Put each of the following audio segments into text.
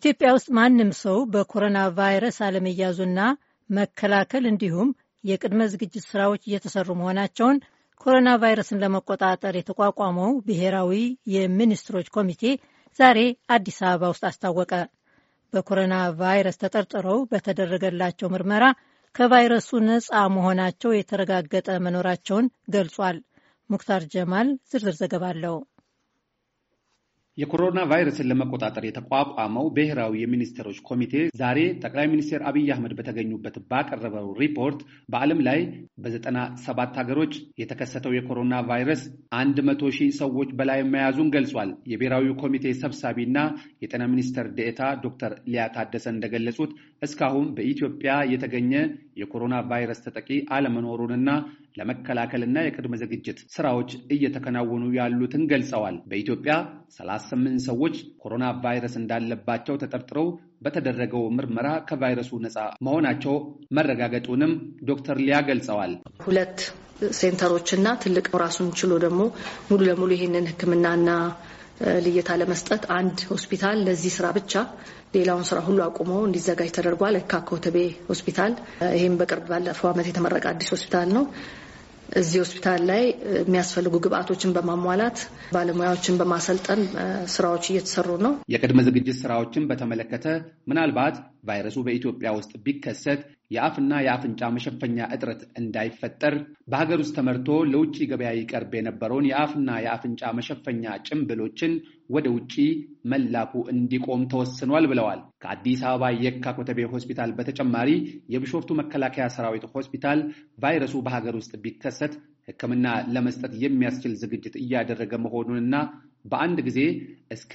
ኢትዮጵያ ውስጥ ማንም ሰው በኮሮና ቫይረስ አለመያዙና መከላከል እንዲሁም የቅድመ ዝግጅት ስራዎች እየተሰሩ መሆናቸውን ኮሮና ቫይረስን ለመቆጣጠር የተቋቋመው ብሔራዊ የሚኒስትሮች ኮሚቴ ዛሬ አዲስ አበባ ውስጥ አስታወቀ። በኮሮና ቫይረስ ተጠርጥረው በተደረገላቸው ምርመራ ከቫይረሱ ነፃ መሆናቸው የተረጋገጠ መኖራቸውን ገልጿል። ሙክታር ጀማል ዝርዝር ዘገባ አለው። የኮሮና ቫይረስን ለመቆጣጠር የተቋቋመው ብሔራዊ የሚኒስቴሮች ኮሚቴ ዛሬ ጠቅላይ ሚኒስትር አብይ አህመድ በተገኙበት ባቀረበው ሪፖርት በዓለም ላይ በዘጠና ሰባት ሀገሮች የተከሰተው የኮሮና ቫይረስ አንድ መቶ ሺህ ሰዎች በላይ መያዙን ገልጿል። የብሔራዊ ኮሚቴ ሰብሳቢ የጤና ሚኒስትር ዴኤታ ዶክተር ሊያ ታደሰ እንደገለጹት እስካሁን በኢትዮጵያ የተገኘ የኮሮና ቫይረስ ተጠቂ አለመኖሩንና ለመከላከልና የቅድመ ዝግጅት ስራዎች እየተከናወኑ ያሉትን ገልጸዋል። በኢትዮጵያ 38 ሰዎች ኮሮና ቫይረስ እንዳለባቸው ተጠርጥረው በተደረገው ምርመራ ከቫይረሱ ነፃ መሆናቸው መረጋገጡንም ዶክተር ሊያ ገልጸዋል። ሁለት ሴንተሮች እና ትልቅ ራሱን ችሎ ደግሞ ሙሉ ለሙሉ ይህንን ህክምናና። ልየታ ለመስጠት አንድ ሆስፒታል ለዚህ ስራ ብቻ ሌላውን ስራ ሁሉ አቁሞ እንዲዘጋጅ ተደርጓል። የካ ኮተቤ ሆስፒታል ይህም በቅርብ ባለፈው ዓመት የተመረቀ አዲስ ሆስፒታል ነው። እዚህ ሆስፒታል ላይ የሚያስፈልጉ ግብአቶችን በማሟላት ባለሙያዎችን በማሰልጠን ስራዎች እየተሰሩ ነው። የቅድመ ዝግጅት ስራዎችን በተመለከተ ምናልባት ቫይረሱ በኢትዮጵያ ውስጥ ቢከሰት የአፍና የአፍንጫ መሸፈኛ እጥረት እንዳይፈጠር በሀገር ውስጥ ተመርቶ ለውጭ ገበያ ይቀርብ የነበረውን የአፍና የአፍንጫ መሸፈኛ ጭንብሎችን ወደ ውጭ መላኩ እንዲቆም ተወስኗል ብለዋል። ከአዲስ አበባ የካ ኮተቤ ሆስፒታል በተጨማሪ የቢሾፍቱ መከላከያ ሰራዊት ሆስፒታል ቫይረሱ በሀገር ውስጥ ቢከሰት ሕክምና ለመስጠት የሚያስችል ዝግጅት እያደረገ መሆኑንና በአንድ ጊዜ እስከ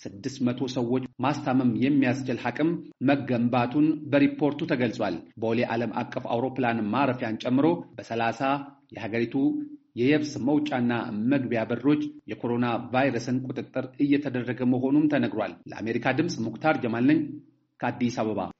ስድስት መቶ ሰዎች ማስታመም የሚያስችል አቅም መገንባቱን በሪፖርቱ ተገልጿል። ቦሌ ዓለም አቀፍ አውሮፕላን ማረፊያን ጨምሮ በሰላሳ የሀገሪቱ የየብስ መውጫና መግቢያ በሮች የኮሮና ቫይረስን ቁጥጥር እየተደረገ መሆኑም ተነግሯል። ለአሜሪካ ድምፅ ሙክታር ጀማል ነኝ ከአዲስ አበባ።